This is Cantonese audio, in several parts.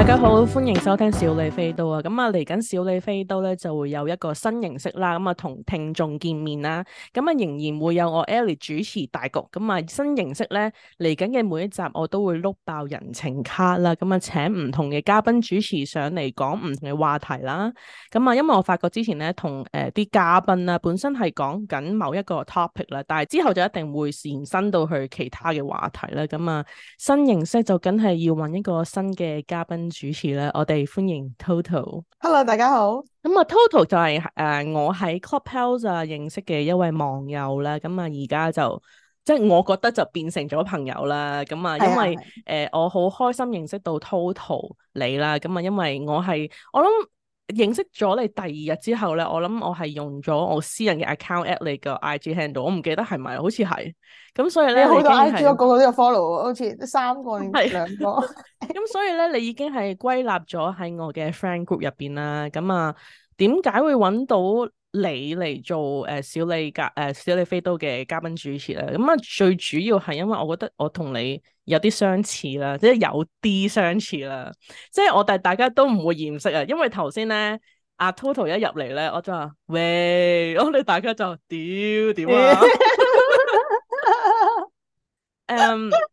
大家好，歡迎收聽小李飛刀啊！咁啊，嚟緊小李飛刀咧就會有一個新形式啦，咁啊同聽眾見面啦，咁啊仍然會有我 Ellie 主持大局，咁啊新形式咧嚟緊嘅每一集我都會碌爆人情卡啦，咁啊請唔同嘅嘉賓主持上嚟講唔同嘅話題啦，咁啊因為我發覺之前咧同誒啲嘉賓啊本身係講緊某一個 topic 啦，但係之後就一定會延伸到去其他嘅話題啦，咁啊新形式就梗係要揾一個新嘅嘉賓。主持咧，我哋歡迎 Toto。Hello，大家好。咁啊、嗯、，Toto 就係、是、誒、呃，我喺 Clubhouse 認識嘅一位網友啦。咁、嗯、啊，而家就即係、就是、我覺得就變成咗朋友啦。咁、嗯、啊，因為誒、呃，我好開心認識到 Toto 你啦。咁、嗯、啊、嗯，因為我係我諗。認識咗你第二日之後咧，我諗我係用咗我私人嘅 account at 你嘅 IG handle，我唔記得係咪，好似係。咁所以咧，好多 IG 個，個個都有 follow，好似三個定兩個。咁 所以咧，你已經係歸納咗喺我嘅 friend group 入邊啦。咁啊，點解會揾到？你嚟做誒小李嘉誒小李飛刀嘅嘉賓主持咧，咁啊，最主要係因為我覺得我同你有啲相似啦，就是，即係有啲相似啦，即係我哋大家都唔會認識啊，因為頭先咧阿 Toto 一入嚟咧，我就話喂，我哋大家就屌點啊？嗯、 um。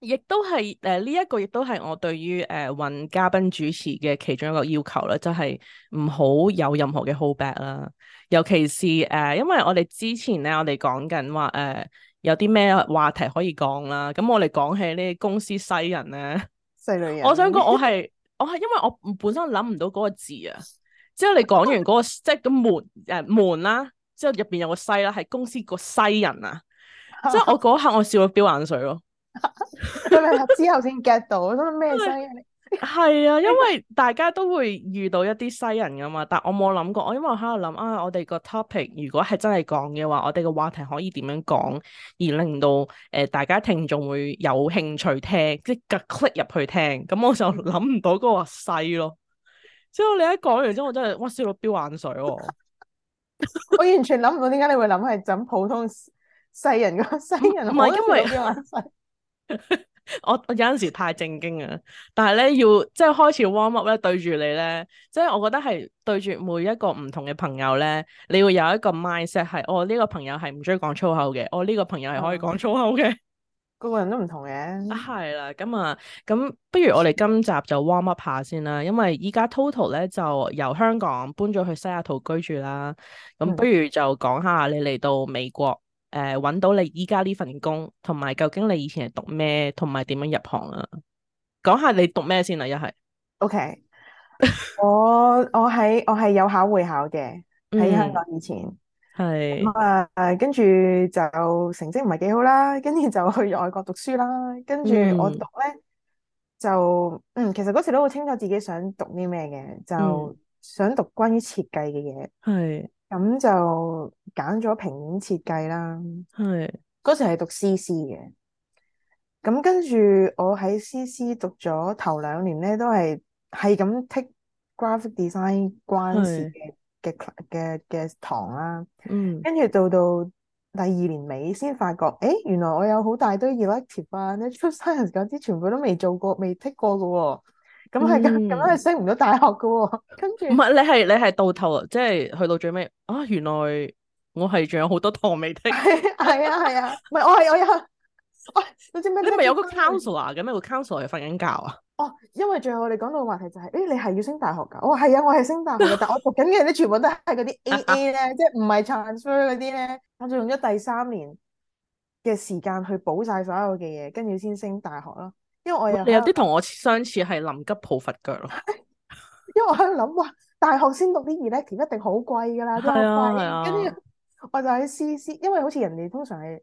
亦都係誒呢一個，亦都係我對於誒搵、呃、嘉賓主持嘅其中一個要求啦，就係唔好有任何嘅 hold back 啦。尤其是誒、呃，因為我哋之前咧，我哋講緊話誒有啲咩話題可以講啦。咁我哋講起呢公司西人咧，西女人。我想講我係我係，因為我本身諗唔到嗰個字啊。之後你講完嗰、嗰個 即係個門誒、呃、門啦、啊，之後入邊有個西啦、啊，係公司個西人啊。即係 我嗰刻我笑到飆眼水咯、啊。咁係 之後先 get 到，都咩西人？係 啊，因為大家都會遇到一啲西人噶嘛，但我冇諗過，我因為我喺度諗啊，我哋個 topic 如果係真係講嘅話，我哋個話題可以點樣講，而令到誒、呃、大家聽眾會有興趣聽，即係 click 入去聽，咁我就諗唔到嗰個話西咯。之後你一講完之後，我真係哇、啊，笑到飆眼水，我完全諗唔到點解你會諗係整普通西人嗰個西人，係、嗯、 因為。 我我有陣時太正經啊，但係咧要即係開始 warm up 咧，對住你咧，即係我覺得係對住每一個唔同嘅朋友咧，你會有一個 mindset 係，我、哦、呢、這個朋友係唔中意講粗口嘅，我、哦、呢、這個朋友係可以講粗口嘅，個、哦、個人都唔同嘅，係啦 咁啊，咁不如我哋今集就 warm up 下先啦，因為依家 Toto 咧就由香港搬咗去西雅圖居住啦，咁不如就講下你嚟到美國。嗯誒，搵、uh, 到你依家呢份工，同埋究竟你以前係讀咩，同埋點樣入行啊？講下你讀咩先啦，一係。O Okay . K， 我我喺我係有考會考嘅，喺香港以前係、嗯嗯。啊，跟住就成績唔係幾好啦，跟住就去外國讀書啦，跟住我讀咧、嗯、就嗯，其實嗰時都好清楚自己想讀啲咩嘅，就想讀關於設計嘅嘢。係、嗯。咁就揀咗平面設計啦。係的，嗰時係讀 C.C. 嘅。咁跟住我喺 C.C. 讀咗頭兩年咧，都係係咁剔 graphic design 關事嘅嘅嘅堂啦。嗯。跟住到到第二年尾先發覺，誒原來我有好大堆 elective 啊！natural science 嗰啲全部都未做過，未剔過嘅喎、哦。咁係咁，咁係、嗯、升唔到大學噶、哦。跟住唔係你係你係到頭，即係去到最尾啊！原來我係仲有好多堂未聽。係啊係啊，唔係我係我有，我知你知咩？你咪有個 counselor 啊？咁咩個 counselor 又瞓緊覺啊？哦，因為最後我哋講到嘅話題就係、是、誒，你係要升大學噶？哦，係啊，我係升大學嘅，但 我讀緊嘅啲全部都係嗰啲 A A 咧，即係唔係 transfer 嗰啲咧。我仲用咗第三年嘅時間去補晒所有嘅嘢，跟住先升大學咯。因為我有啲同我相似係臨急抱佛腳咯，因為我喺度諗哇，大學先讀啲學、e e、一定要好貴噶啦，好貴，跟住 我就喺 CC，因為好似人哋通常係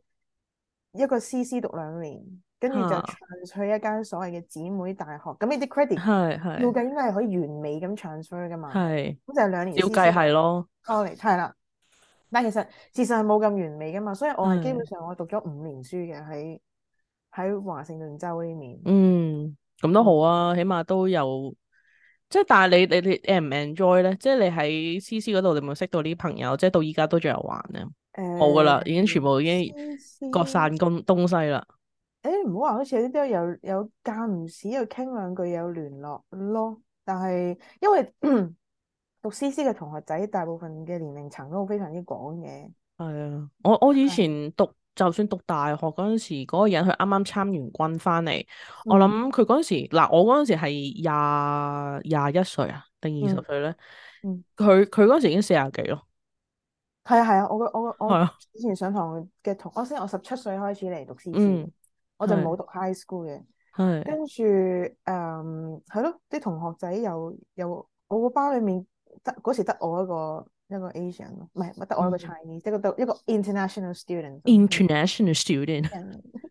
一個 CC 讀兩年，跟住就 transfer 一間所謂嘅姊妹大學，咁呢啲 credit 係係，預計應該係可以完美咁 transfer 噶嘛，係 嗯，咁就係兩年，照計係咯 CC 係啦，但係其實事實係冇咁完美噶嘛，所以我係基本上我讀咗五年書嘅喺。喺華盛頓州呢面，嗯，咁都好啊，起碼都有，即、就、係、是、但係你你你 en 唔 enjoy 咧？即係你喺 C C 嗰度，你有冇、就是、識到啲朋友？即、就、係、是、到依家，都仲有玩咧？冇噶啦，已經全部已經各散咁東西啦。誒、欸，唔好話，好似有有間唔時去傾兩句有聯絡咯。但係因為 讀 C C 嘅同學仔，大部分嘅年齡層都非常之廣嘢。係啊，我我以前讀。 就算讀大學嗰陣時，嗰、嗰個人佢啱啱參完軍翻嚟、嗯，我諗佢嗰陣時，嗱我嗰陣時係廿廿一歲啊，定二十歲咧。佢佢嗰陣時已經四十幾咯。係啊係啊，我個我我。係啊。以前上堂嘅同，啊、我先我十七歲開始嚟讀書，嗯、我就冇讀 high school 嘅。係是。跟住誒係咯，啲、嗯啊啊、同學仔有有，有，我個班裡面得嗰時得我一個。一個 Asian 咯，唔係，乜都我一個 Chinese、嗯、一個 international student。international student。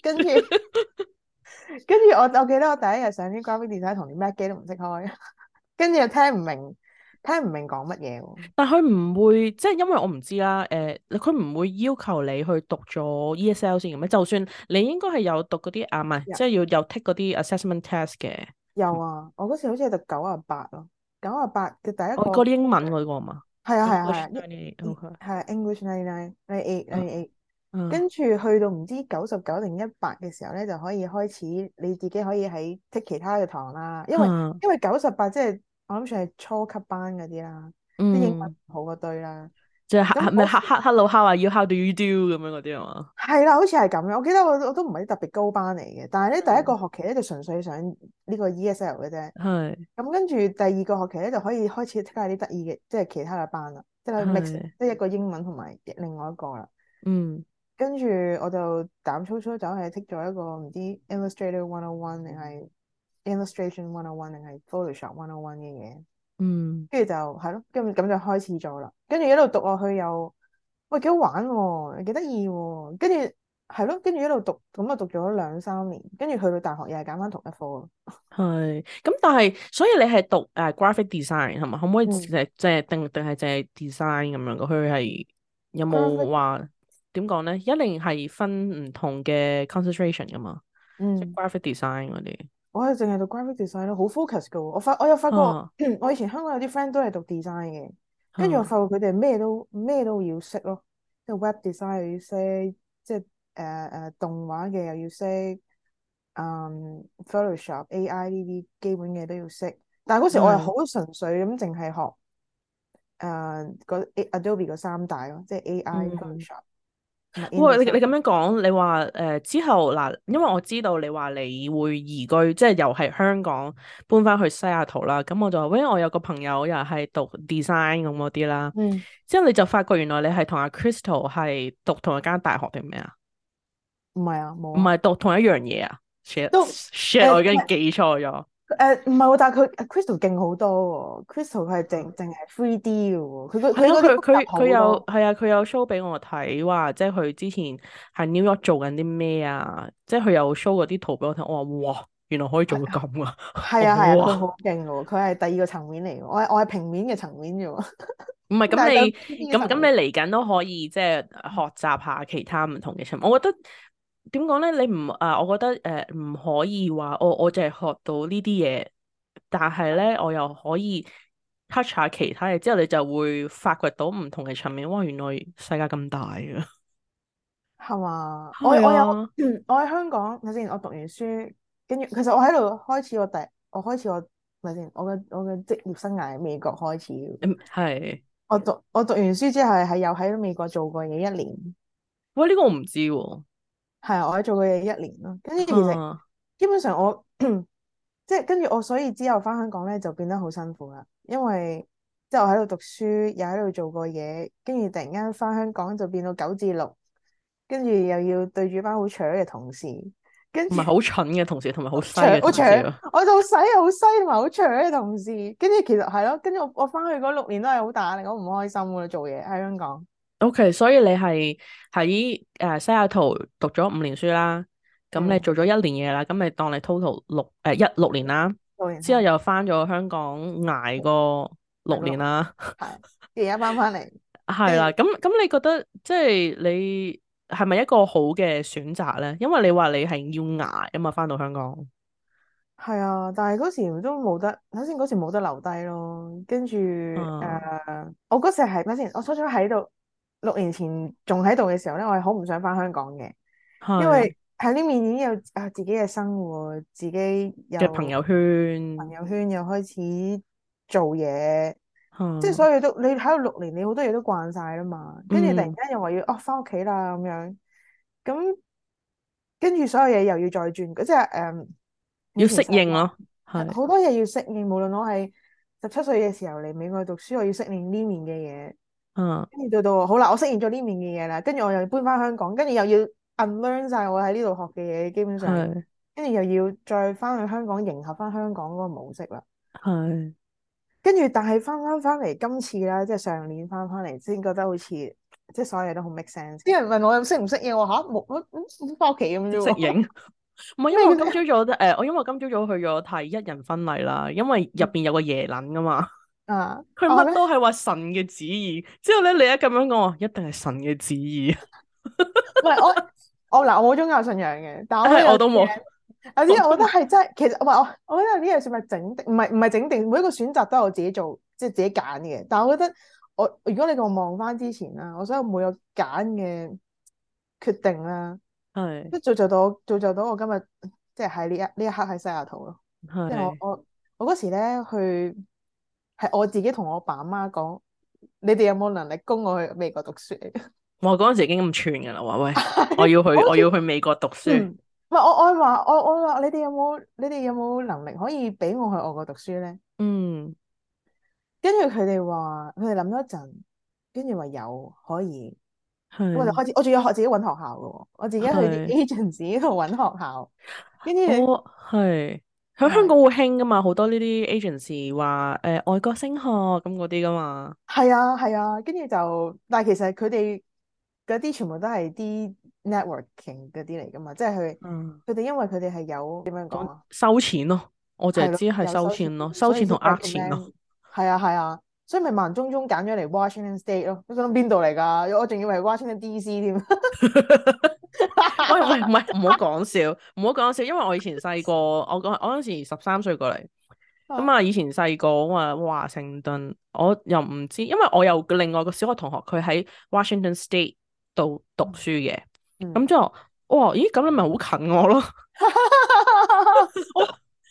跟住，跟住我，我記得我第一日上啲 graphic design 同啲 Mac 機都唔識開，跟住又聽唔明，聽唔明講乜嘢。但佢唔會，即係因為我唔知啦。誒、呃，佢唔會要求你去讀咗 ESL 先嘅咩？就算你應該係有讀嗰啲啊，唔係，嗯、即係要有 take 嗰啲 assessment test 嘅。有啊，我嗰時好似係讀九啊八咯，九啊八嘅第一個。嗰啲英文嗰、嗰個嘛。 係啊係啊係，係、yeah yeah, yes, English nine nine，誒誒誒誒，9, eight, eight. Mm hmm. 跟住去到唔知九十九定一百嘅時候咧，mm hmm. 就可以開始你自己可以喺 take 其他嘅堂啦，因為因為九十八即係我諗算係初級班嗰啲啦，英文好嗰堆啦。Hmm. 即係、嗯、哈咩？黑哈像 Hello how are you? How do you do？咁樣嗰啲係嘛？係啦，好似係咁樣。我記得我我都唔係特別高班嚟嘅，但係咧第一個學期咧就純粹想呢個 E.S.L 嘅啫。係。咁跟住第二個學期咧就可以開始識下啲得意嘅，即係其他嘅班啦。即係 mix，即係一個英文同埋另外一個啦。嗯。跟住我就膽粗粗走係剔咗一個唔知 Illustrator 101定係 Illustration 101定係 Photoshop 101嘅嘢。嗯嗯嗯嗯嗯嗯，跟住就係咯，跟住咁就開始咗啦。跟住一路讀落去又，喂，幾好玩喎，幾得意喎。跟住係咯，跟住一路讀，咁啊讀咗兩三年，跟住去到大學又係揀翻同一科咯。係，咁但係，所以你係讀誒、uh, graphic design 係嘛？可唔可以淨係定定係淨係 design 咁樣噶？佢係有冇話點講咧？一定係分唔同嘅 concentration 噶嘛，即 graphic design 嗰啲。我係淨係讀 graphic design 咯，好 focus 噶喎。我發我有發覺，嗯、我以前香港有啲 friend 都係讀 design 嘅，跟住我發覺佢哋咩都咩都要識咯、就是，即係 web design 又要識、um, uh,，即係誒誒動畫嘅又要識，嗯 Photoshop、AI 呢啲基本嘅都要識。但係嗰時我係好純粹咁，淨係學誒 Adobe 個三大咯，即係 AI、Photoshop。嗯、喂，你你咁樣講，你話誒、呃、之後嗱，因為我知道你話你會移居，即係又係香港搬翻去西雅圖啦。咁我就話喂，我有個朋友又係讀 design 咁嗰啲啦。嗯，之後你就發覺原來你係同阿 Crystal 係讀同一間大學定咩啊？唔係啊，冇。唔係讀同一樣嘢啊？share share 寫我已經記錯咗。誒唔係喎，但係佢 Crystal 勁好多喎。Crystal 佢係淨淨係 3D 嘅喎，佢個佢佢佢佢又係啊，佢有 show 俾有我睇，話即係佢之前喺 New York 做緊啲咩啊？即係佢有 show 嗰啲圖俾我睇，我話哇，原來可以做到咁啊！係啊係啊，好勁嘅，佢係第二個層面嚟嘅，我係我係平面嘅層面啫喎。唔係咁你咁咁 你嚟緊都可以即係學習下其他唔同嘅層面，我覺得。點講咧？你唔啊？我覺得誒，唔、呃、可以話、哦、我我淨係學到呢啲嘢，但係咧我又可以 catch 下其他嘢，之後你就會發掘到唔同嘅層面。哇！原來世界咁大㗎！係嘛吧？ 我有我有我喺香港睇先，我讀完書，跟住其實我喺度開始我第我開始我咪先，我嘅我嘅職業生涯喺美國開始。係、嗯。我讀我讀完書之後係又喺美國做過嘢一年。喂、呢、這個我唔知喎、啊。係啊，我喺做過嘢一年咯，跟住其實基本上我即係跟住我，所以之後翻香港咧就變得好辛苦啦。因為即係、就是、我喺度讀書，又喺度做過嘢，跟住突然間翻香港就變到九至六，跟住又要對住班好蠢嘅同事，跟住唔係好蠢嘅同事，同埋好蠢，好蠢，我就好死好衰，同埋好蠢嘅同事。跟住其實係咯，跟住我我翻去嗰六年都係好大力，我唔開心噶啦，做嘢喺香港。O.K. 所以你係喺誒西雅圖讀咗五年書啦，咁你做咗一年嘢啦，咁咪、嗯、當你 total 六誒、呃、一六年啦，年之後又翻咗香港捱個六年啦，係而家翻翻嚟，係 啦，咁咁你覺得即係你係咪一個好嘅選擇咧？因為你話你係要捱啊嘛，翻到香港係啊，但係嗰時都冇得，首先嗰時冇得留低咯，跟住誒，嗯 uh, 我嗰時係咩先？我初初喺度。六年前仲喺度嘅時候咧，我係好唔想翻香港嘅，是因為喺呢面已經有啊自己嘅生活，自己有朋友圈，朋友圈又開始做嘢，即係是所有嘢都你喺度六年，你好多嘢都慣晒啦嘛，跟住突然間又話要哦翻屋企啦咁樣，咁跟住所有嘢又要再轉，即係誒、um, 要適應咯、啊，好多嘢要適應。無論我係十七歲嘅時候嚟美國讀書，我要適應呢面嘅嘢。嗯，跟住到到好啦，我適應咗呢面嘅嘢啦，跟住我又搬翻香港，跟住又要 unlearn 晒我喺呢度學嘅嘢，基本上，跟住是又要再翻去香港迎合翻香港嗰個模式啦。係是，跟住但係翻翻翻嚟今次啦，即係上年翻翻嚟先覺得好似即係所有嘢都好 make sense。啲人問我又適唔適應？我吓冇，我咁翻屋企咁啫。適應，唔係、啊、飾影 因為我今朝早，誒、 呃，我因為今朝早去咗睇一人婚禮啦，因為入邊有個耶撚㗎嘛。啊！佢乜都係話神嘅旨意，啊、呢之後咧你一咁樣講，一定係神嘅旨意。唔 係我我嗱，我宗教信仰嘅，但係我都冇。有啲我覺得係、欸、真，其實我，我覺得呢樣算係整定，唔係唔係整定，每一個選擇都係我自己做，即、就、係、是、自己揀嘅。但係我覺得我如果你同我望翻之前啦，我想我每個揀嘅決定啦，係即係造就到我，造就到我今日，即係喺呢一呢一刻喺西雅圖咯。的即係我我我嗰時咧去。係我自己同我爸媽講，你哋有冇能力供我去美國讀書？我嗰陣時已經咁串噶啦，話喂， 我要去我要去美國讀書。唔係、 嗯嗯、我我話我我話，你哋有冇你哋有冇能力可以俾我去外國讀書咧？嗯，跟住佢哋話，佢哋諗咗一陣，跟住話有可以。我的就開始，我仲要學自己搵學校噶，我自己去 a g e n t 自己度搵學校。跟住係。喺香港會興噶嘛，好多呢啲 agency 話誒外國升學咁嗰啲噶嘛。係啊係啊，跟住、啊、就，但係其實佢哋嗰啲全部都係啲 networking 嗰啲嚟噶嘛，即係佢，佢哋、嗯、因為佢哋係有點樣講？收錢咯、啊，我就係知係收錢咯、啊，收錢同呃錢咯。係啊係啊。所以咪盲中中揀咗嚟 Washington State 咯，你想邊度嚟㗎？我仲以為 Washington DC 添。喂，唔係，唔好講笑，唔好講笑，因為我以前細個，我講我嗰陣時十三歲過嚟，咁啊以前細個咁啊華盛頓，我又唔知，因為我有另外個小學同學佢喺 Washington State 度讀書嘅，咁之後，哇咦咁你咪好近我咯，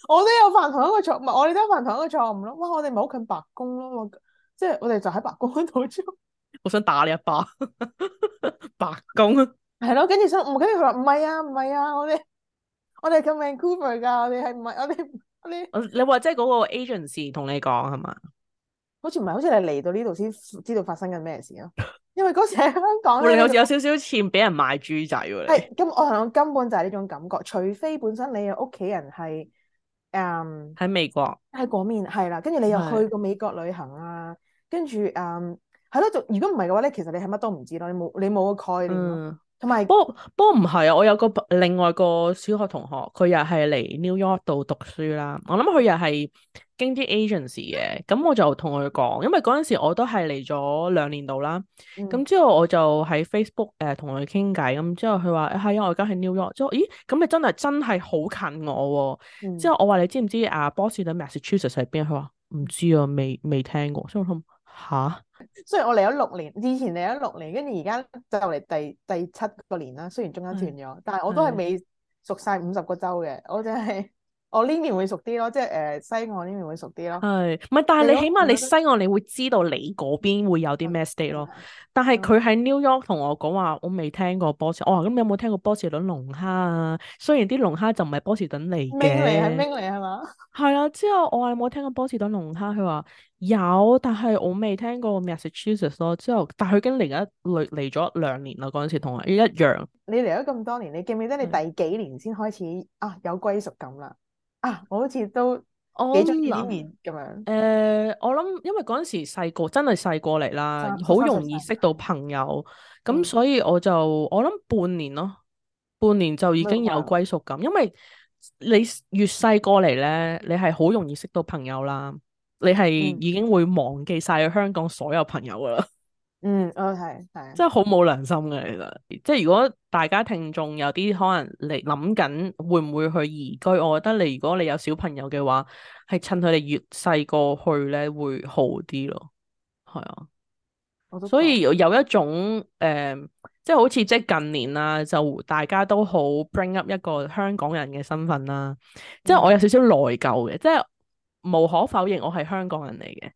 我都有犯同一個錯，唔係我哋都有犯同一個錯誤咯，哇我哋咪好近白宮咯。即係我哋就喺白宮嗰度做，我想打你一巴。白宮係咯， 跟住想，跟住佢話唔係啊，唔係啊，我哋我哋喺 Vancouver 噶，我哋係唔係我哋我，我你話即係嗰個 agency 同你講係嘛？好似唔係，好似你嚟到呢度先知道發生緊咩事啊？ 因為嗰時喺香港，有啊、你好似有少少似俾人賣豬仔喎。係咁，我係我根本就係呢種感覺，除非本身你屋企人係誒喺美國，喺嗰面係啦，跟住你又去過美國旅行啊。的跟住，嗯，係咯，就如果唔係嘅話咧，其實你係乜都唔知咯，你冇你冇個概念。同埋、嗯有，不過不過唔係啊，我有個另外個小學同學，佢又係嚟 New York 度讀書啦。我諗佢又係經啲 agency 嘅。咁我就同佢講，因為嗰陣時我都係嚟咗兩年度啦。咁之後我就喺 Facebook 誒、呃、同佢傾偈，咁之後佢話：係啊、哎，我而家喺 New York。之後，咦？咁你真係真係好近我、啊。嗯、之後我話：你知唔知啊？波士頓 Massachusetts 係邊？佢話：唔知啊，未未，未聽過。吓，雖然哈我嚟咗六年，以前嚟咗六年，跟住而家就嚟第第七個年啦。雖然中間斷咗，嗯、但係我都係未熟晒五十個州嘅，的我真係。我呢邊會熟啲咯，即係誒、呃、西岸呢邊會熟啲咯。係，唔係？但係你起碼你西岸，你會知道你嗰邊會有啲咩 state 咯。但係佢喺 New York 同我講話，嗯、我未聽過波士。我話咁你有冇聽過波士頓龍蝦啊？雖然啲龍蝦就唔係波士頓嚟嚟係 Maine 嚟係嘛？係啦。之後我話有冇聽過波士頓龍蝦？佢、哦、話有,有,、啊、有,有,有，但係我未聽過 Massachusetts 咯。之後，但係佢已經嚟嚟咗兩年啦。嗰陣時同我一樣。你嚟咗咁多年，你記唔記得你第幾年先開始啊有歸屬感啦？啊！我好似都幾中意啲面咁、嗯、樣。誒、呃，我諗，因為嗰陣時細個，真係細個嚟啦，好容易識到朋友。咁、嗯、所以我就我諗半年咯，半年就已經有歸屬感。嗯、因為你越細個嚟咧，你係好容易識到朋友啦。你係已經會忘記晒香港所有朋友噶啦。嗯 嗯，我係係，真係好冇良心嘅。其實，即係如果大家聽眾有啲可能嚟諗緊會唔會去移居，我覺得你如果你有小朋友嘅話，係趁佢哋越細個去咧會好啲咯。係啊，所以有一種誒、呃，即係好似即係近年啦，就大家都好 bring up 一個香港人嘅身份啦、嗯。即係我有少少內疚嘅，即係無可否認，我係香港人嚟嘅。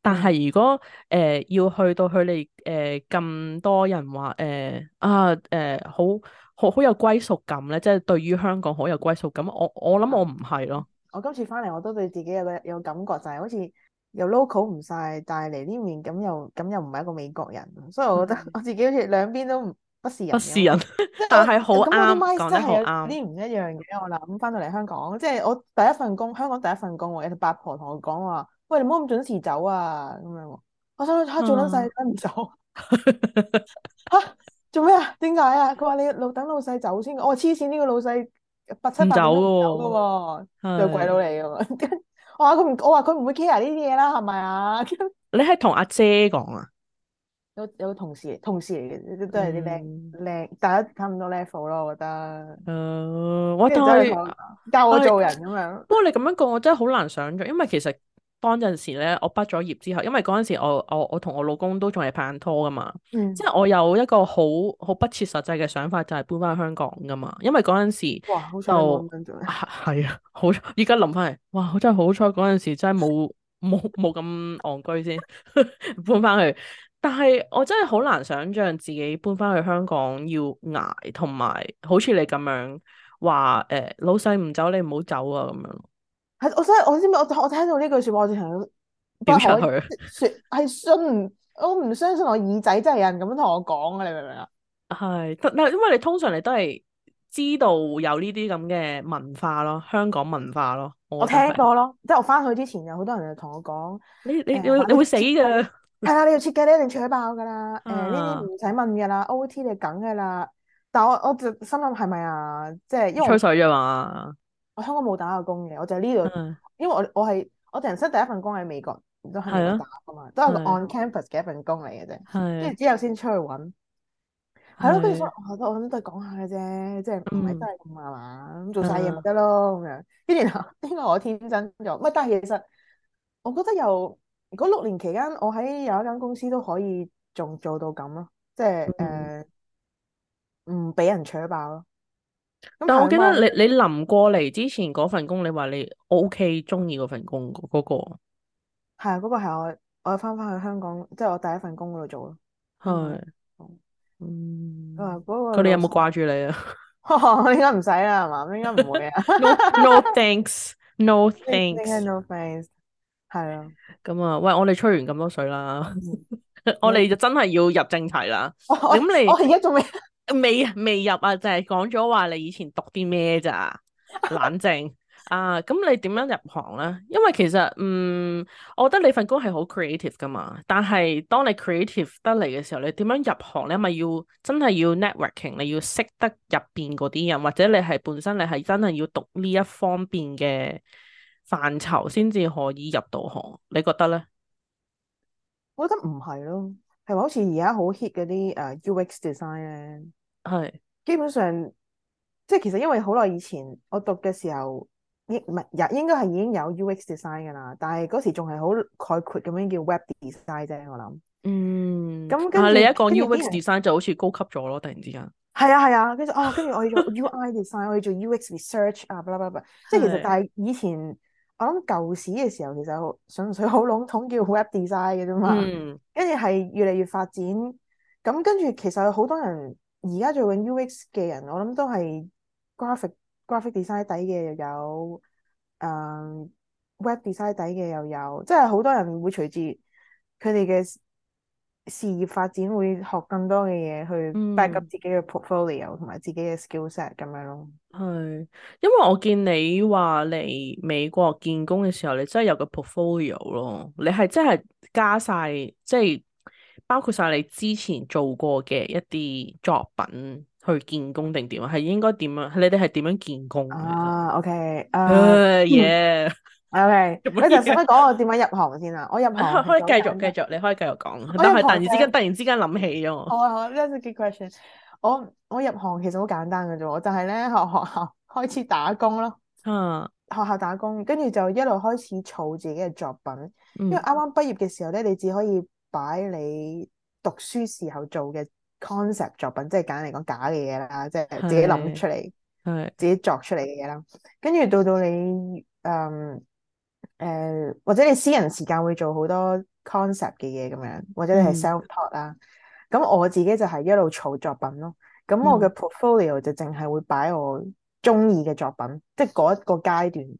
但係如果誒、呃、要去到佢哋誒咁多人話誒啊誒好好好有歸屬感咧，即係對於香港好有歸屬感。我我諗我唔係咯。我今、嗯、次翻嚟我都對自己有個有個感覺、就是，就係好似又 local 唔晒，但係嚟呢面咁又咁又唔係一個美國人，所以我覺得 我自己好似兩邊都不是人。不是人，但係好啱，講真係有啲唔一樣嘅。我諗翻到嚟香港，即係我第一份工，香港第一份工我有條八婆同我講話。喂，你唔好咁準時走啊！咁樣我心諗吓做老細，跟唔走吓做咩啊？點解啊？佢話你老等老細走先。我話黐線呢個老細八七八走嘅喎，又鬼佬嚟嘅嘛？我話佢唔，我話佢唔會 care 呢啲嘢啦，係咪啊？你係同阿姐講啊？有有同事同事嚟嘅，都都係啲靚靚，大家差唔多 level 咯，我覺得。誒，我教我做人咁樣。不過你咁樣講，我真係好難想象，因為其實。當陣時咧，我畢咗業之後，因為嗰陣時我我我同我老公都仲係拍緊拖噶嘛，嗯、即係我有一個好好不切實際嘅想法，就係搬翻去香港噶嘛。因為嗰陣時就，哇，好彩冇係啊，好。依家諗翻嚟，哇，我真係好彩嗰陣時真係冇冇冇咁戇居先 搬翻去。但係我真係好難想象自己搬翻去香港要捱，同埋好似你咁樣話誒、哎，老細唔走，你唔好走啊咁樣。係，我真係我先，我我聽到呢句說話，我先同點信佢？信係信我唔相信我耳仔真係有人咁樣同我講嘅，你明唔明啊？係，因為你通常你都係知道有呢啲咁嘅文化咯，香港文化咯，我,我聽過咯，即係我翻去之前有好多人就同我講，你、呃、你會你會死嘅，係 啦，你要設計你一定取爆噶啦，誒呢啲唔使問噶啦，O T 你梗噶啦，但我我就心諗係咪啊？即係吹水啫嘛。 我香港冇打過工嘅，我就係呢度，的因為我我係我人生第一份工喺美國都喺度打噶嘛，的都係個 on campus 嘅一份工嚟嘅啫。跟住的之後先出去揾，係咯的。跟住想，我諗都係講下嘅啫，即係唔係真係咁啊嘛？咁、嗯、做晒嘢咪得咯咁樣。跟住的然，然後，因為我天真又唔係，但係其實我覺得又，如果六年期間我喺有一間公司都可以仲做到咁咯，即係誒唔俾人取爆咯。的但我記得你、嗯、你臨過嚟之前嗰份工，你話你 O K 中意嗰份工嗰嗰、嗰個，係啊嗰、嗰個係我我翻翻去香港，即係我第一份工嗰度做咯。係， 嗯，啊嗰個佢哋有冇掛住你啊？應該唔使啦，係 嘛，應該唔會嘅。No thanks，no thanks，no thanks，係啊。咁啊，喂，我哋吹完咁多水啦， 我哋就真係要入正題啦。咁你我而家仲未？未未入啊，就係講咗話你以前讀啲咩咋？冷靜啊，咁、 uh, 你點樣入行咧？因為其實嗯，我覺得你份工係好 creative 噶嘛，但係當你 creative 得嚟嘅時候，你點樣入行咧？咪要真係要 networking，你要識得入邊嗰啲人，或者你係本身你係真係要讀呢一方面嘅範疇先至可以入到行。你覺得咧？我覺得唔係咯，係咪好似而家好 hit 嗰啲誒 UX design 咧？係是基本上，即係其實，因為好耐以前我讀嘅時候，應唔係也應該係已經有 UX design 噶啦，但係嗰時仲係好概括咁樣叫 web design 啫。我諗，嗯，咁跟啊，你一講著 UX design 就好似高級咗咯，嗯、突然之間。係啊係啊，跟住啊，哦、跟住我去做 UI design， 我去做 UX research 啊，blah blah blah 即係其實但係以前是我諗舊時嘅時候，其實純粹好籠統叫 web design 嘅啫嘛。嗯，跟住係越嚟越發展，咁跟住其實好多人，人。而家做緊 UX 嘅人，我諗都係 graphic graphic design 底嘅又有，誒、uh, web design 底嘅又有，即係好多人會隨住佢哋嘅事業發展，會學更多嘅嘢去 back up 自己嘅 portfolio 同埋自己嘅 skill set 咁樣咯。係，因為我見你話嚟美國見工嘅時候，你真係有個 portfolio 咯，你係真係加晒，即係。包括晒你之前做過嘅一啲作品去見工定點啊？係應該點樣？你哋係點樣見工？啊？O K，誒，Yeah，係，你頭先講我點樣入行先啊？我入行，可以繼續繼續，你可以繼續講，但係突然之間突然之間諗起咗。Oh, 我我入行其實好簡單嘅啫，就係咧喺學校開始打工咯。嗯，uh. 學校打工，跟住就一路開始儲自己嘅作品。Uh. 因為啱啱畢業嘅時候咧，你只可以。擺你讀書時候做嘅 concept 作品，即係簡單嚟講假嘅嘢啦，即係的自己諗出嚟，的自己作出嚟嘅嘢啦。跟住到到你誒誒、嗯呃，或者你私人時間會做好多 concept 嘅嘢咁樣，或者你係 self talk 啦、嗯。咁、啊、我自己就係一路儲作品咯。咁我嘅 portfolio 就淨係會擺我中意嘅作品，作品嗯、即係嗰一個階段誒、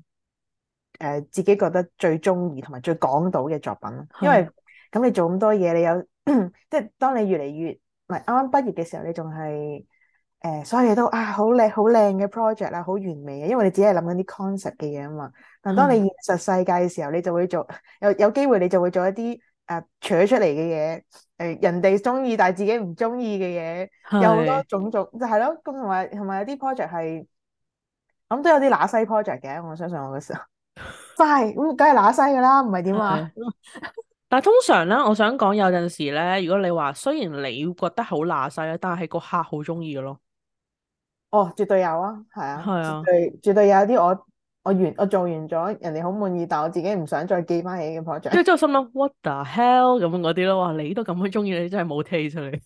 呃，自己覺得最中意同埋最講到嘅作品，因為。咁你做咁多嘢，你有 即係當你越嚟越唔係啱啱畢業嘅時候，你仲係誒所有嘢都啊好靚好靚嘅 project 啦，好完美嘅，因為你只係諗緊啲 concept 嘅嘢啊嘛。但當你現實世界嘅時候，你就會做有有機會，你就會做一啲誒扯出嚟嘅嘢，誒、呃、人哋中意但係自己唔中意嘅嘢，是有好多種種就係咯。咁同埋同埋有啲 project 係咁都有啲乸西 project 嘅，我相信我嘅時候真係咁，梗係乸西㗎啦，唔係點話？Okay. 但係通常咧，我想講有陣時咧，如果你話雖然你覺得好嗱喳咧，但係個客好中意嘅咯。哦，絕對有啊，係啊，係啊絕對，絕對有啲我我完我做完咗，人哋好滿意，但我自己唔想再記返起嘅 project。即係即係心諗 what the hell 咁嗰啲咯，哇！你都咁樣中意，你真係冇 taste 出嚟。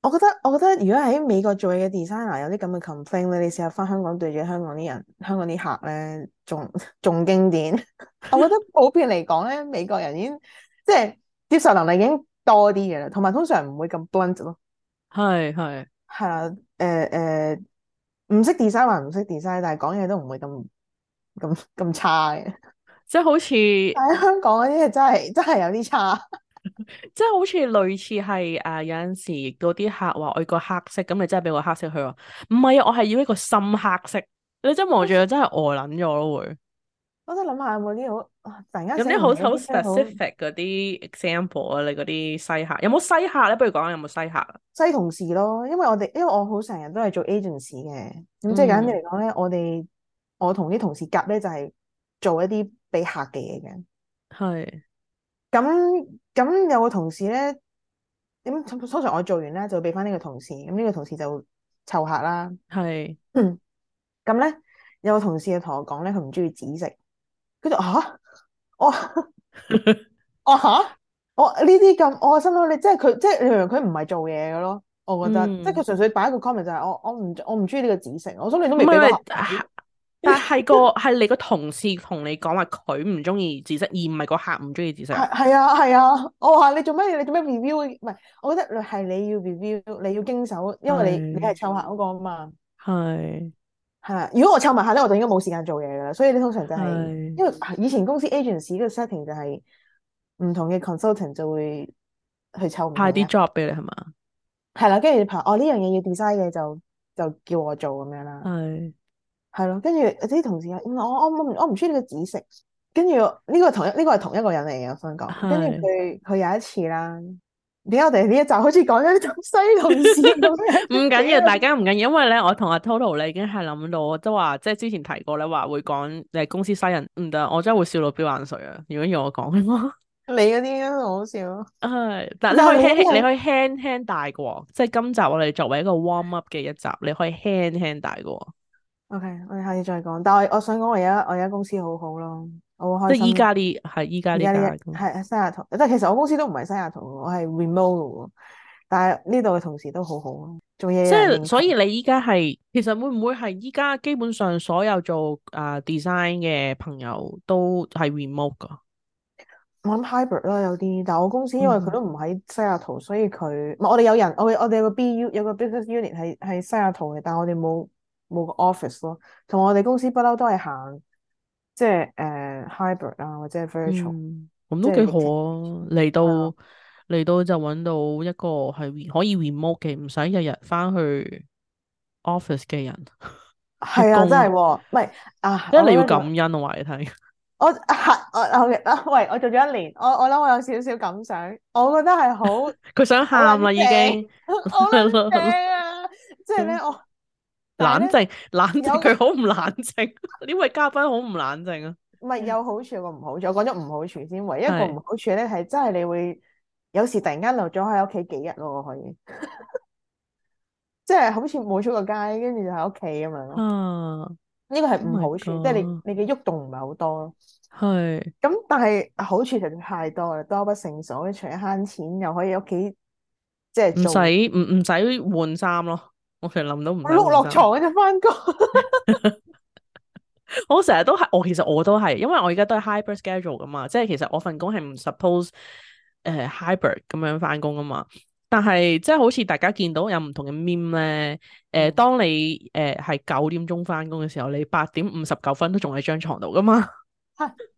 我覺得，我覺得如果喺美國做嘢嘅 designer 有啲咁嘅 conflict 咧，你試下返香港對住香港啲人、香港啲客咧，仲仲經典。 我覺得普遍嚟講咧，美國人已經即係、就是、接受能力已經多啲嘅啦，同埋通常唔會咁 blunt 咯。係係係啦，誒、呃、誒，唔識 designer 唔識 design，但係講嘢都唔會咁咁咁差嘅。 即係好似喺 香港嗰啲嘢真係真係有啲差。 即係好似類似係誒、啊，有陣時嗰啲客話我要個黑色，咁你真係俾個黑色佢咯？唔係啊，我係要一個深黑色。你真望住我， 真係呆捻咗咯會。我都諗下有冇啲好突然間有啲好好 specific 嗰啲 example 啊，你啲西客有冇西客咧？不如講下有冇西客？西同事咯，因為我哋因為我好成日都係做 agency 嘅，咁即係簡單嚟講咧，我哋我同啲同事夾咧就係做一啲俾客嘅嘢嘅，係。咁咁有個同事咧，咁通常我做完咧就俾翻呢個同事，咁呢個同事就湊客啦。係是，咁咧、嗯、有個同事就同我講咧，佢唔中意紫色。佢就吓、啊、我，我吓我呢啲咁，我、啊、我，我心諗你即係佢，即係你明唔明佢唔係做嘢嘅咯，我覺得，嗯、即係佢純粹擺一個 comment 就係、是、我，我唔我唔中意呢個紫色，所以我想你都未俾佢。但係個係 你個同事同你講話佢唔中意紫色，而唔係個客唔中意紫色。係啊係啊，我話你做咩？你做咩 review？唔係，我覺得係你要 review，你要經手，因為你是你係湊客嗰個啊嘛。係係是、啊，如果我湊埋客咧，我就應該冇時間做嘢噶啦。所以你通常就係、是、是因為以前公司 agency 嗰個 setting 就係、是、唔同嘅 consultant 就會去湊埋。派啲 job 俾你係嘛？係啦，跟住排哦呢樣嘢要 design 嘅就就，就叫我做咁樣啦。係。係咯，跟住啲同事，我我我唔我唔中意呢個紫色。跟住呢個同呢個係同一個人嚟嘅，我想講。跟住佢佢有一次啦，點解我哋呢一集好似講咗啲咁衰同事。唔緊要，大家唔緊要，因為咧我同阿 Toto 咧已經係諗到，即係話、即係即係之前提過咧話會講誒公司衰人，唔得，我真係會笑到標眼水啊！如果要我講， 你嗰啲、啊、好笑、啊。但你，但你，你可以輕你可以輕輕帶過。即係今集我哋作為一個 warm up 嘅一集，你可以輕輕帶過。OK，我哋下次再講。但係我，我想講，我而家我而家公司好好咯，我開心。即係依家呢係依家呢係西雅圖，但係其實我公司都唔係西雅圖，我係 remote。但係呢度嘅同事都好好咯，做嘢即係所以你依家係其實會唔會係依家基本上所有做啊 design 嘅朋友都係 remote 噶？我諗 hybrid 啦，有啲。但係我公司因為佢都唔喺西雅圖，嗯、哼所以佢唔我哋有人，我我哋有個 BU 有個 business unit 係係西雅圖嘅，但係我哋冇。冇個 office 咯，同我哋公司不嬲都係行，即係誒 hybrid 啊，或者 virtual，咁都幾好啊！嚟到嚟到就揾到一個係可以 remote 嘅，唔使日日返去 office 嘅人，係啊真係，唔係啊，因為你要感恩我話你聽，我係我 ok，喂，我做咗一年，我我諗我有少少感想，我覺得係好，佢想喊啦已經，即係咧我。冷靜，冷靜，佢好唔冷靜。呢位嘉賓好唔冷靜啊！唔係有好處有個唔好處，我講咗唔好處先。唯一個唔好處咧係真係你會有時突然間留咗喺屋企幾日咯，可以，即係好似冇出過街，跟住就喺屋企咁樣。嗯，呢個係唔好處，即係你你嘅喐動唔係好多咯。係。咁但係好處就太多啦，多不勝數，除咗慳錢，又可以屋企即係唔使唔唔使換衫咯。我成日諗到唔，我落床嘅就翻工。 我成日都係，我其實我都係，因為我而家都係 hybrid schedule 噶嘛，即係其實我份工係唔 suppose 誒、呃、hybrid 咁樣翻工噶嘛。但係即係好似大家見到有唔同嘅 meme 咧，誒、呃，當你誒係九點鐘翻工嘅時候，你八點五十九分都仲喺張床度噶嘛。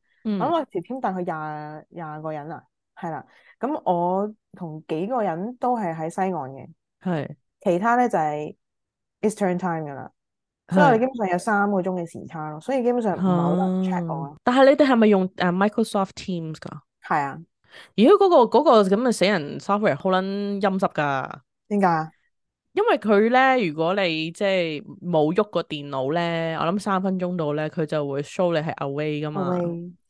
咁、嗯嗯啊、我 team 但佢廿廿個人啊，係啦，咁我同幾個人都係喺西岸嘅，係的，其他咧就係、是、Eastern Time 噶啦，的所以我哋基本上有三個鐘嘅時差咯，所以基本上唔係好得 check 我、嗯。但係你哋係咪用誒 Microsoft Teams 噶？係啊的，而家嗰、那個嗰、那個咁嘅、那個、死人 software 好撚陰濕噶，點解？因為佢咧，如果你即係冇喐個電腦咧，我諗三分鐘到咧，佢就會 show 你係 away 噶嘛。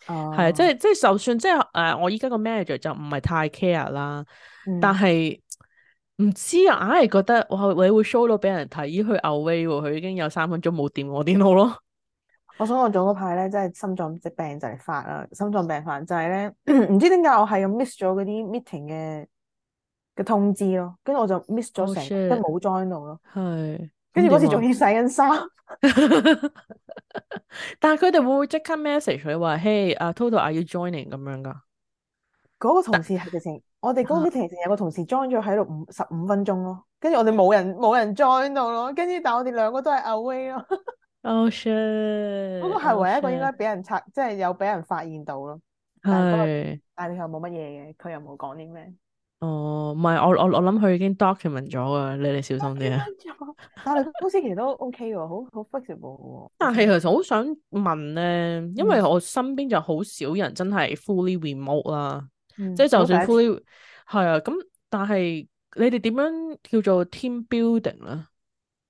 係啊、哦，即係即係，就算即係誒，我依家個 manager 就唔係太 care 啦，嗯、但係唔知啊，硬係覺得哇，你會 show 到俾人睇佢 away，佢已經有三分鐘冇掂我電腦咯。我想我早嗰排咧，即係心臟病就嚟發啦！心臟病發就係咧，唔知點解我係又 miss 咗嗰啲 meeting 嘅。通知咯，跟住我就 miss 咗成，即係冇 join 咯。係了，跟住嗰次仲要洗緊衫。 但係佢哋會唔會即刻 message 佢話：Hey，阿 Toto，Are you joining？咁樣噶？嗰個同事係直情，Spe aks 我哋公司直情有個同事 join 咗喺度五十五分鐘咯。跟住我哋冇人冇人 join 到咯。跟住但係我哋兩個都係 away 咯。Oh shit！嗰個係唯一一個應該俾人拆，即係有俾人發現到咯。係，但係佢又冇乜嘢嘅，佢又冇講啲咩。哦，唔係，我我我諗佢已經 document 咗噶，你哋小心啲啊。 但係公司其實都 OK 嘅，好好 flexible 嘅。但係、啊、其實好想問咧，因為我身邊就好少人真係 fully remote 啦，嗯、即係就算 fully 係啊，咁但係你哋點樣叫做 team building 咧？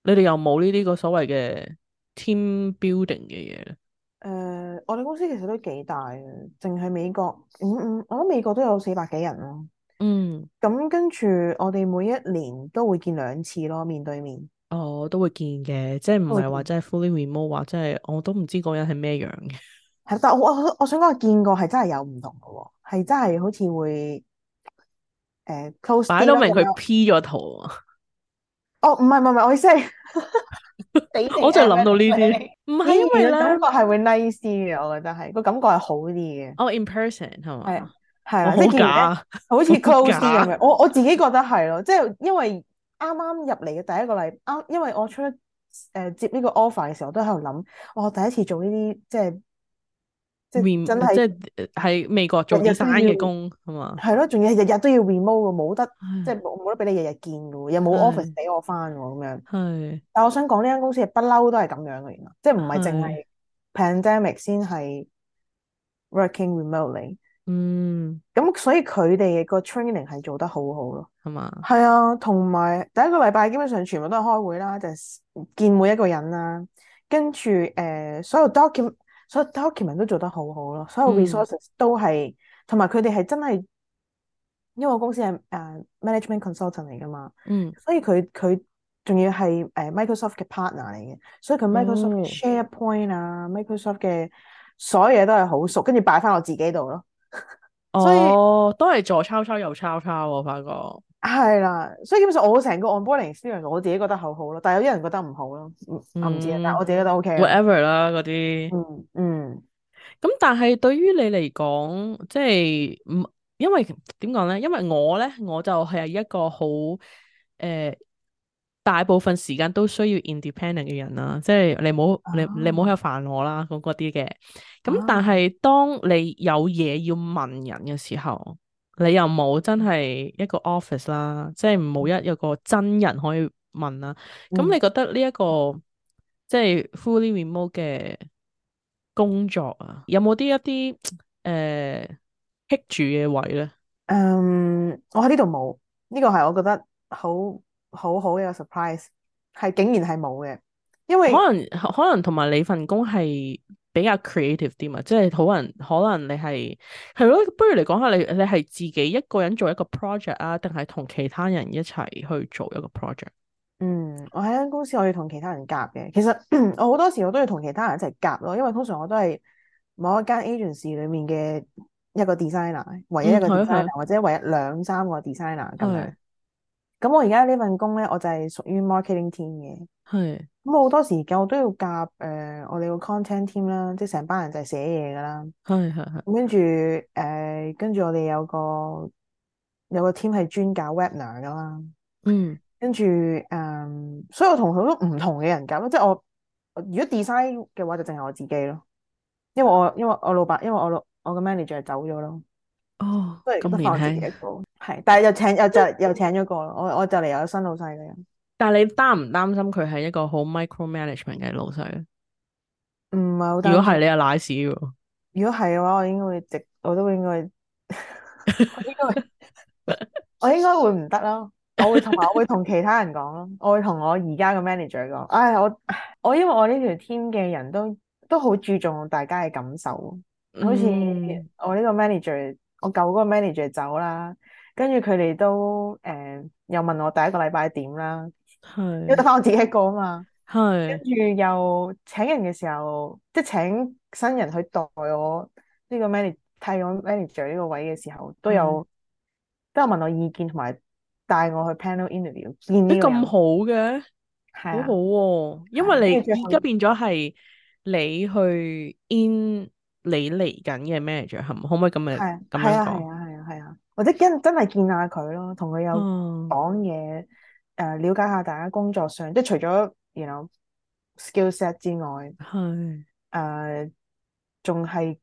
你哋有冇呢啲個所謂嘅 team building 嘅嘢咧？誒、呃，我哋公司其實都幾大嘅，淨係美國，五、嗯、五、嗯，我諗美國都有四百幾人咯。 嗯，咁跟住我哋每一年都會見兩次咯，面對面。哦，都會見嘅，即係唔係話真係 fully remote，話真係我都唔知嗰人係咩樣嘅。係、嗯，但我我，我，我想講我見過，係真係有唔同嘅，係真係好似會誒 close。擺到明佢 P 咗圖、嗯。哦，唔係唔係，我意思， 你們 我就諗到呢啲，唔係因為，因為感覺係會 nice 啲嘅，我覺得係個感覺係好啲嘅。哦、oh，in person 係嘛？係啊。係、 啊，即係見好似 close 咁 樣。我我自己覺得係咯，即係因為啱啱入嚟嘅第一個禮拜，啱因為我出誒、呃、接呢個 offer 嘅時候，我都喺度諗，我、哦、第一次做呢啲即係即係真係即係喺美國做啲單嘅工係嘛？係咯，仲要，吧要日日都要 remote 冇得唉唉即係冇得俾你日日見嘅喎，又冇 office 俾唉 我翻咁樣。係，唉 但係我想講呢間公司係不嬲都係咁樣嘅，原來即係唔係淨係 pandemic 先係 working remotely。嗯，咁、mm. 所以佢哋個 training 係做得好好咯，係嘛嗎？係啊，同埋第一個禮拜基本上全部都係開會啦，就係、是、見每一個人啦，跟住誒、呃，所有 document，所有 document 都做得好好咯，所有 resources 都係，同埋佢哋係真係，因為我公司係誒、uh, management consultant 嚟噶嘛，嗯、mm. uh,，所以佢佢仲要係誒 Microsoft 嘅 partner 嚟嘅，所以佢 Microsoft 嘅 SharePoint 啊，Microsoft 嘅所有嘢都係好熟，跟住擺返我自己度咯。 所以、哦、都係左抄抄右抄抄、啊，我發覺係啦，所以基本上我成個 onboarding experience 我自己覺得好好咯，但係有啲人覺得唔好咯，嗯、我唔知啊，但我自己覺得 O、OK、K，whatever 啦嗰啲、嗯，嗯嗯，咁但係對於你嚟講，即係唔因為點講咧？因為我咧，我就係一個好誒。呃大部分時間都需要 independent 嘅人啦，即係你唔好你你唔好喺度煩我啦，咁嗰啲嘅。咁但係當你有嘢要問人嘅時候，你又冇真係一個 office 啦，即係冇一有個真人可以問啦。咁你覺得呢、這、一個、嗯、即係 fully remote 嘅工作啊，有冇啲一啲誒 hit 住嘅位咧？嗯、um，我喺呢度冇，呢個係我覺得好。好好嘅 surprise，係竟然係冇嘅，因為可能可能同埋你份工係比較 creative 啲嘛，即係好人可能你係，係咯，不如你講下你你係自己一個人做一個 project 啊，定係同其他人一齊去做一個 project？嗯，我喺間公司我要同其他人夾嘅，其實 我好多時我都要同其他人一齊夾咯，因為通常我都係某一間 agency 裏面嘅一個 designer，唯一一個 designer、嗯、或者唯一兩三個 designer 咁樣。的咁我而家呢份工咧，我就係屬於 marketing team 嘅。係咁是，我好多時間我都要夾誒、呃，我哋個 content team 啦，即係成班人就係寫嘢噶啦。係係係。咁跟住誒，跟、呃、住我哋有個有個 team 係專搞 webinar 噶啦。嗯。跟住誒，所以我同好多唔同嘅人夾咯，即係我如果 design 嘅話，就淨係我自己咯。因為我因為我老闆，因為我我嘅 manager 係走咗咯。哦，即係咁以一輕。係，但係又請 又就又請咗個，我我就嚟有新老細嘅人。但係你擔唔擔心佢係一個好 micro management 嘅老細？唔係好。如果係你瀨屎喎？如果係嘅話，我應該會直，我都應該， 我應該該， 我應該會唔得咯。我會同埋我會同其他人講咯，我會同我而家嘅 manager 講。唉，我我因為我呢條 team 嘅人都都好注重大家嘅感受，嗯、好似我呢個 manager，我舊個 manager 走啦。跟住佢哋都誒，uh, 又問我第一個禮拜點啦，係是，因為得翻我自己一個啊嘛，係是。跟住又請人嘅時候，即係請新人去代我呢、這個 manager 替我 manager 呢個位嘅時候，都有、嗯、都有問我意見，同埋帶我去 panel interview，都咁、欸、好嘅，係、啊，好好喎、啊，因為你而家、啊、變咗係你去 in 你嚟緊嘅 manager，可唔可唔可以咁樣咁啊係啊係啊係啊。或者真真係見下佢咯，同佢有講嘢，誒、嗯呃、了解下大家工作上，即係除咗然後 you know, skill set 之外，係誒仲係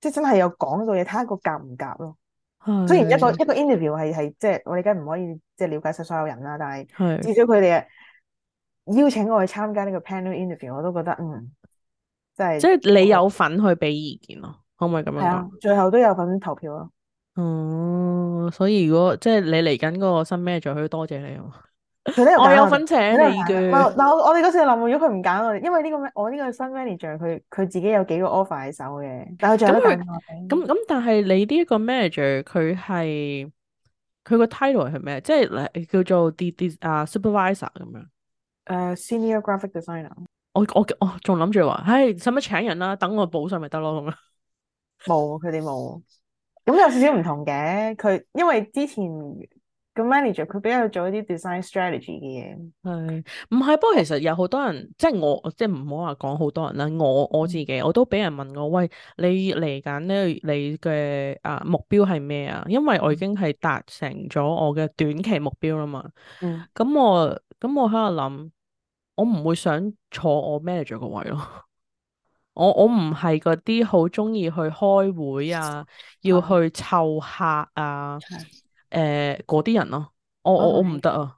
即係真係有講到嘢，睇下個夾唔夾咯。雖是然一個一個 interview 係係即係我哋梗唔可以即係瞭解晒所有人啦，但係至少佢哋邀請我去參加呢個 panel interview，我都覺得嗯即係即係你有份去俾意見咯，我可唔可以咁樣？係、啊、最後都有份投票咯。哦、嗯，所以如果即係你嚟緊嗰個新 manager，佢要多謝你啊！ 我有份請你嘅。嗱，我哋嗰時諗過如果佢唔揀我哋，因為呢、這個我呢個新 manager 佢佢自己有幾個 offer 喺手嘅。但佢仲有一份。咁咁、嗯嗯嗯嗯嗯嗯，但係你呢一個 manager 佢係佢個 title 係咩？即係叫做啲啊、uh,，supervisor 咁樣。誒、uh,，senior graphic designer 我。我我我仲諗住話，唉，使唔使請人啦，啊？等我補上咪得咯咁咯。冇， 佢哋冇。咁有少少唔同嘅，佢因為之前個 manager 佢比較做一啲 design strategy 嘅嘢。係，唔係？不過其實有好多人，即係我，即係唔好話講好多人啦。我我自己我都俾人問我，喂，你嚟緊咧，你嘅啊目標係咩啊？因為我已經係達成咗我嘅短期目標啦嘛。嗯。咁我咁我喺度諗，我唔會想坐我 manager 個位咯。我我唔係嗰啲好中意去開會啊，要去湊客啊，誒嗰啲人咯、啊，我錯我我唔得啊。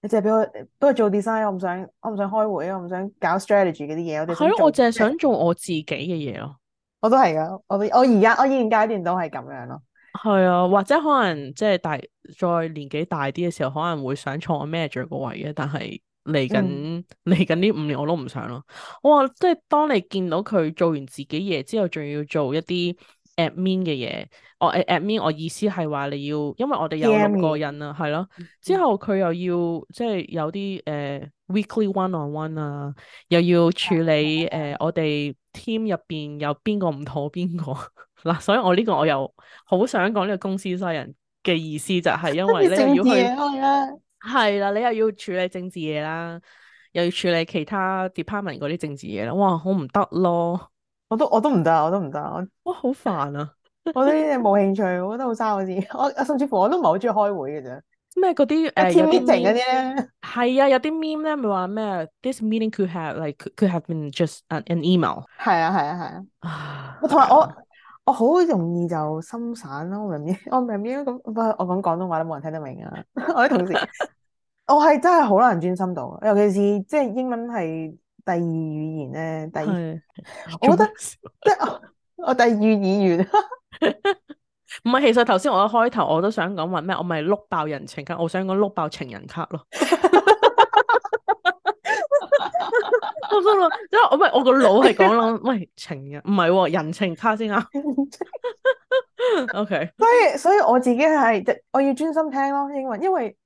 你淨係俾我，不過做 design，我唔想，我唔想開會，我唔想搞 strategy 嗰啲嘢。係咯，我淨係想，想做我自己嘅嘢咯。我都係噶，我我而家我現階段都係咁樣咯、啊。係啊吖，或者可能即係大再年紀大啲嘅時候，可能會想創個咩孭住個位嘅，但係。嚟緊嚟緊呢五年我都唔想咯。我話即係當你見到佢做完自己嘢之後，仲要做一啲 admin 嘅嘢。我 admin 我意思係話你要，因為我哋有六個人啦，係咯、嗯。之後佢又要即係有啲誒、呃、weekly one on one 啊，又要處理誒、嗯呃、我哋 team 入邊有邊個唔妥邊個嗱。所以我呢、這個我又好想講呢個公司衰人嘅意思就係、是、因為咧、嗯、要去。要去要去係啦，你又要處理政治嘢啦，又要處理其他 department 嗰啲政治嘢啦，哇，好唔得咯我！我都我都唔得，我都唔得，我好煩啊！ 我對呢啲冇興趣，我覺得好嘥嗰啲，我甚至乎我都唔係好中意開會嘅啫。咩嗰啲 team meeting 嗰啲咧？係啊，有啲 meme 咧，咪話咩？This meeting could have like could have been just an, an email。係啊，係啊，係啊。同埋 我。我好容易就心散咯，明唔明？我明唔明？咁不，我講廣東話都冇人聽得明啊！ 我啲同事，我係真係好難專心到，尤其是即係英文係第二語言咧。第二， 我覺得即係我，我第二語言，唔 係。 其實頭先我一開頭我都想講話咩？我咪碌爆人情卡，我想講碌爆情人卡咯。 冇錯我唔係我個腦係講咯，喂情人唔係喎，人情卡先啊。OK，所以所以我自己係，我要專心聽咯英文，因為誒、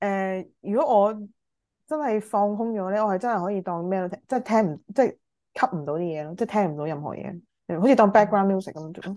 呃，如果我真係放空咗咧，我係真係可以當咩都聽，即係聽唔即係吸唔到啲嘢咯，即係聽唔到任何嘢，好似當 background music 咁樣。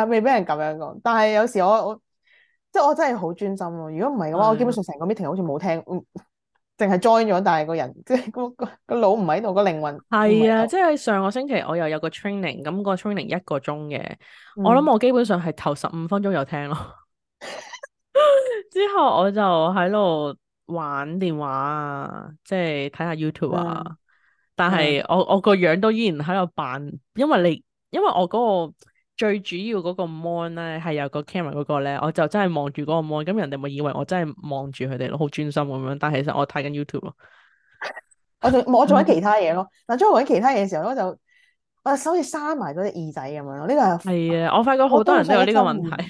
係未俾人咁樣講，但係有時我我即係我真係好專心咯、啊。如果唔係嘅話，嗯、我基本上成個 meeting 好似冇聽，淨係 join 咗，但係個人即係、個個腦唔喺度，個靈魂係啊！即係上個星期我又有個 training，咁個 training 一個鐘嘅，那個嗯、我諗我基本上係頭十五分鐘有聽咯。嗯、 之後我就喺度玩電話、就是、啊，即係睇下 YouTube 啊。但係我我個樣都依然喺度扮，因為你因為我嗰、個。最主要嗰個 mon 咧係有個 camera 嗰個咧，我就真係望住嗰個 mon，咁人哋咪以為我真係望住佢哋咯，好專心咁樣。但係其實我睇緊 YouTube， 我仲我仲揾其他嘢咯。但係在揾其他嘢嘅時候，我就我手似閂埋嗰隻耳仔咁樣咯。呢個係啊，我發覺好多人都有呢個問題。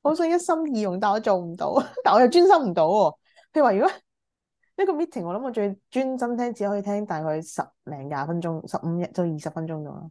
我想一心二用，但我做唔到，但我又專心唔到喎、哦。譬如話，如果呢個 meeting，我諗我最專心聽，只可以聽大概十零廿分鐘，十五日到二十分鐘咁樣。